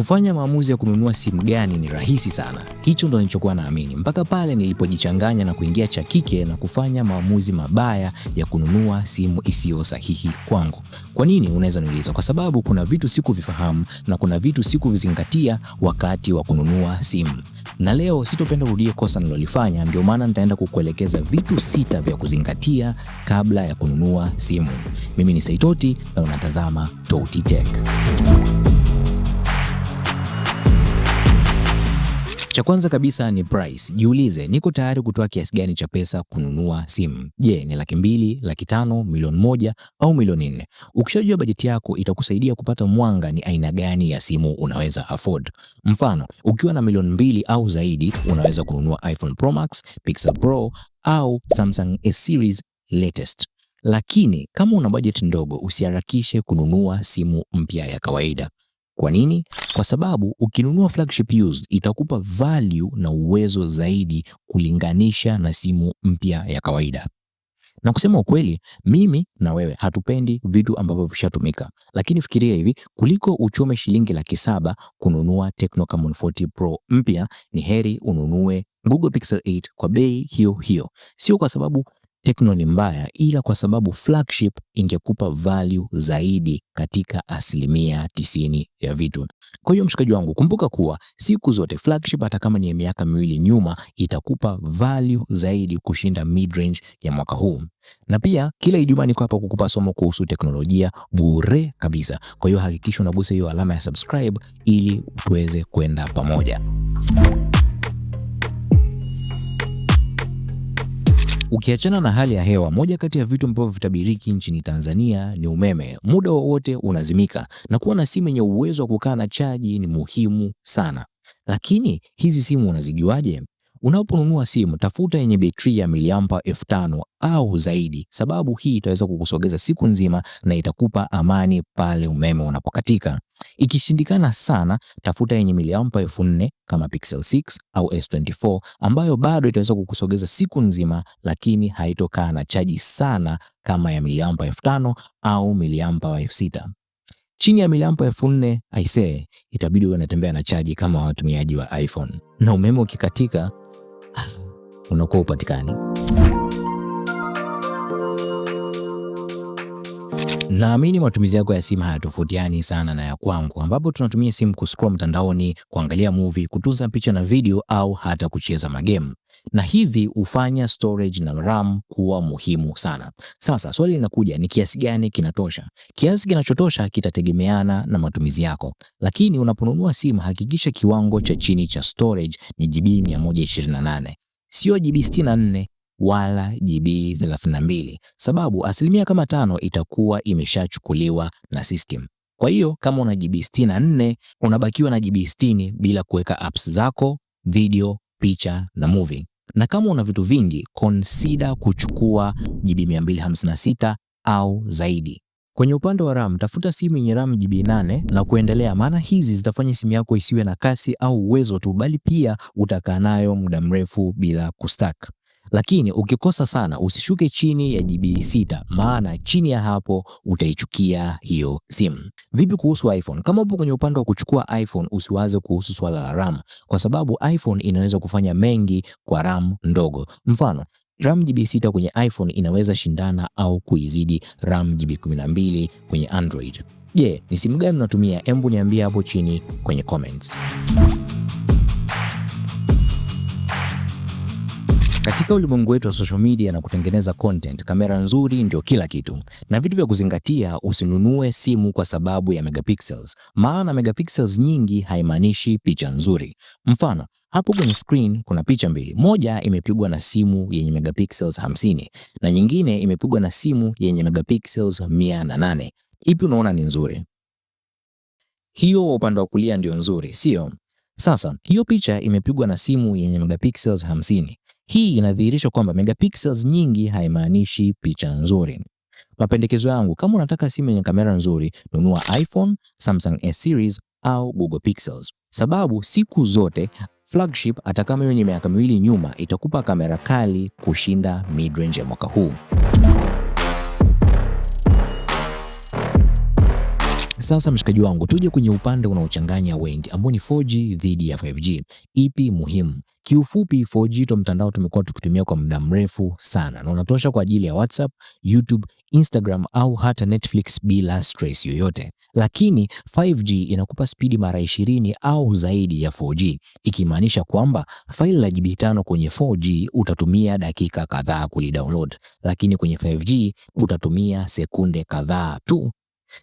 Kufanya maamuzi ya kununua simu gani ni rahisi sana. Hicho ndo nilichokuwa naamini mpaka pale nilipojichanganya na kuingia cha kike na kufanya maamuzi mabaya ya kununua simu isiyo sahihi kwangu. Kwa nini, unaweza niuliza? Kwa sababu kuna vitu sikuvifahamu na kuna vitu sikuvizingatia wakati wa kununua simu, na leo sitopenda urudie kosa nilolifanya. Ndio maana nitaenda kukuelekeza vitu sita vya kuzingatia kabla ya kununua simu. Mimi ni Saitoti na unatazama Toti Tech. Cha kwanza kabisa ni price. Jiulize, niko tayari kutoa kiasi gani cha pesa kununua simu? Je, ni laki mbili, laki tano, milioni moja au milioni nne? Ukishajua bajeti yako itakusaidia kupata mwanga ni aina gani ya simu unaweza afford. Mfano, ukiwa na milioni mbili au zaidi unaweza kununua iPhone Pro Max, Pixel Pro au Samsung S series latest. Lakini kama una bajeti ndogo, usiharakishe kununua simu mpya ya kawaida. Kwa nini? Kwa sababu ukinunua flagship used itakupa value na uwezo zaidi kulinganisha na simu mpya ya kawaida. Na kusema ukweli, mimi na wewe hatupendi vitu ambavyo vishatumika, lakini fikiria hivi, kuliko uchome shilingi laki saba kununua Tecno Camon 40 Pro mpya, ni heri ununue Google Pixel 8 kwa bei hiyo hiyo, sio kwa sababu Tekno ni mbaya, ila kwa sababu flagship ingekupa value zaidi katika asilimia tisini ya vitu. Kwa hiyo mshikaji wangu, kumbuka kuwa siku zote flagship, hata kama ni ya miaka miwili nyuma, itakupa value zaidi kushinda midrange ya mwaka huu. Na pia kila Ijumaa niko hapa kukupa somo kuhusu teknolojia bure kabisa. Kwa hiyo hakikisha unagusa hiyo alama ya subscribe ili tuweze kwenda pamoja. Ukiachana na hali ya hewa, moja kati ya vitu ambavyo vitabiriki nchini Tanzania ni umeme. Muda wowote unazimika, na kuwa na simu yenye uwezo wa kukaa na chaji ni muhimu sana. Lakini hizi simu unazijuaje? Unaponunua simu tafuta yenye betri ya miliampa elfu tano au zaidi, sababu hii itaweza kukusogeza siku nzima na itakupa amani pale umeme unapokatika. Ikishindikana sana, tafuta yenye miliampa elfu nne kama Pixel 6 au S24 ambayo bado itaweza kukusogeza siku nzima, lakini haitokaa na chaji sana kama ya miliampa elfu tano au miliampa elfu sita chini ya miliampa elfu nne aisee, itabidi uwe unatembea na chaji kama watumiaji wa iPhone. Na umeme ukikatika, unakuwa upatikani. Naamini matumizi yako ya simu hayatofautiani sana na ya kwangu, ambapo tunatumia simu kuscroll mtandaoni, kuangalia movie, kutunza picha na video, au hata kucheza magemu, na hivi hufanya storage na RAM kuwa muhimu sana. Sasa swali linakuja, ni kiasi gani kinatosha? Kiasi kinachotosha kitategemeana na matumizi yako, lakini unaponunua simu hakikisha kiwango cha chini cha storage ni GB 128 sio GB 64 wala GB32, sababu asilimia kama tano itakuwa imeshachukuliwa na system. Kwa hiyo kama una GB64 unabakiwa na GB60 bila kuweka apps zako, video, picha na movie. Na kama una vitu vingi, consider kuchukua GB256 au zaidi. Kwenye upande wa RAM, tafuta simu yenye RAM GB8 na kuendelea, maana hizi zitafanya simu yako isiwe na kasi au uwezo tu, bali pia utakaa nayo muda mrefu bila kustack lakini ukikosa sana usishuke chini ya GB sita, maana chini ya hapo utaichukia hiyo simu. Vipi kuhusu iPhone? Kama upo kwenye upande wa kuchukua iPhone, usiwaze kuhusu swala la RAM, kwa sababu iPhone inaweza kufanya mengi kwa RAM ndogo. Mfano, RAM GB6 kwenye iPhone inaweza shindana au kuizidi RAM GB12 kwenye Android. Je, yeah, ni simu gani unatumia? Embu niambie hapo chini kwenye comments. Katika ulimwengu wetu wa social media na kutengeneza content, kamera nzuri ndio kila kitu. Na vitu vya kuzingatia, usinunue simu kwa sababu ya megapixels, maana megapixels nyingi haimaanishi picha nzuri. Mfano, hapo kwenye screen kuna picha mbili, moja imepigwa na simu yenye megapixels 50 na nyingine imepigwa na simu yenye megapixels 108. Ipi unaona ni nzuri? Hiyo upande wa kulia ndio nzuri, sio? Sasa hiyo picha imepigwa na simu yenye megapixels 50 hii inadhihirisha kwamba megapixels nyingi haimaanishi picha nzuri. Mapendekezo yangu, kama unataka simu yenye kamera nzuri, nunua iPhone, Samsung S series au Google Pixels, sababu siku zote flagship, hata kama hiyo ni miaka miwili nyuma, itakupa kamera kali kushinda midrange ya mwaka huu. Sasa mshikaji wangu, tuje kwenye upande unaochanganya wengi ambao ni 4G dhidi ya 5G. Ipi e muhimu? Kiufupi, 4G to mtandao tumekuwa tukitumia kwa muda mrefu sana na unatosha kwa ajili ya WhatsApp, YouTube, Instagram au hata Netflix bila stress yoyote, lakini 5G inakupa spidi mara 20 au zaidi ya 4G, ikimaanisha kwamba faili la GB 5 kwenye 4G utatumia dakika kadhaa kulidownload, lakini kwenye 5G utatumia sekunde kadhaa tu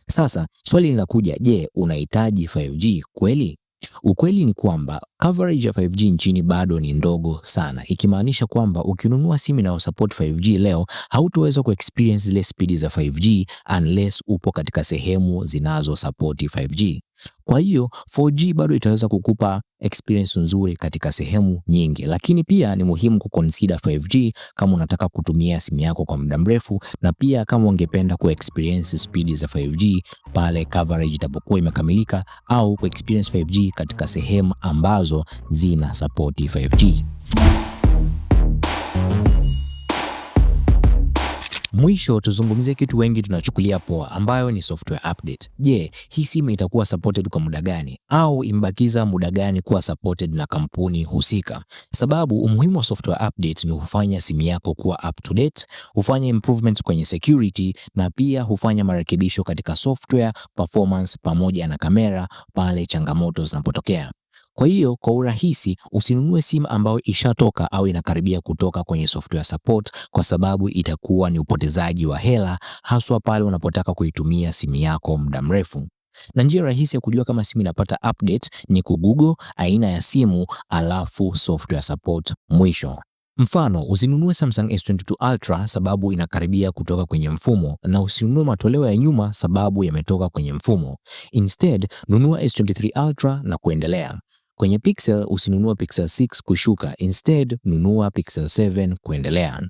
sasa swali linakuja, je, unahitaji 5G kweli? Ukweli ni kwamba Coverage ya 5G nchini bado ni ndogo sana, ikimaanisha kwamba ukinunua simu inayosupport 5G leo hautoweza kuexperience zile spidi za 5G unless upo katika sehemu zinazosupport 5G. Kwa hiyo 4G bado itaweza kukupa experience nzuri katika sehemu nyingi, lakini pia ni muhimu kuconsider 5G kama unataka kutumia simu yako kwa muda mrefu, na pia kama ungependa kuexperience spidi za 5G pale coverage itapokuwa imekamilika, au kuexperience 5G katika sehemu ambazo ambazo zina support 5G. Mwisho tuzungumzie kitu wengi tunachukulia poa, ambayo ni software update. Je, hii simu itakuwa supported kwa muda gani, au imebakiza muda gani kuwa supported na kampuni husika? Sababu umuhimu wa software update ni hufanya simu yako kuwa up to date, hufanya improvements kwenye security na pia hufanya marekebisho katika software performance pamoja na kamera pale changamoto zinapotokea. Kwa hiyo kwa urahisi usinunue simu ambayo ishatoka au inakaribia kutoka kwenye software support, kwa sababu itakuwa ni upotezaji wa hela, haswa pale unapotaka kuitumia simu yako muda mrefu. Na njia rahisi ya kujua kama simu inapata update ni kugoogle aina ya simu alafu software support mwisho. Mfano, usinunue Samsung S22 Ultra sababu inakaribia kutoka kwenye mfumo, na usinunue matoleo ya nyuma sababu yametoka kwenye mfumo. Instead, nunua S23 Ultra na kuendelea. Kwenye Pixel usinunua Pixel 6 kushuka, instead nunua Pixel 7 kuendelea.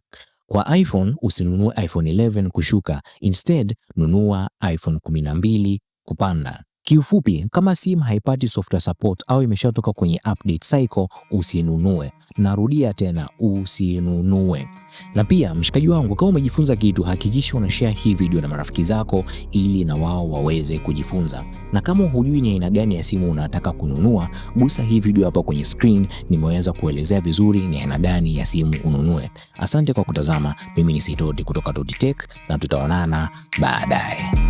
Kwa iPhone usinunua iPhone 11 kushuka, instead nunua iPhone 12 kupanda. Kiufupi, kama simu haipati software support au imeshatoka kwenye update cycle, usinunue. Narudia tena, usinunue. Na pia mshikaji wangu, kama umejifunza kitu, hakikisha una share hii video na marafiki zako, ili na wao waweze kujifunza. Na kama hujui ni aina gani ya simu unataka kununua, gusa hii video hapa kwenye screen, nimeweza kuelezea vizuri ni aina gani ya simu ununue. Asante kwa kutazama. Mimi ni Sidoti kutoka Dotitech na tutaonana baadaye.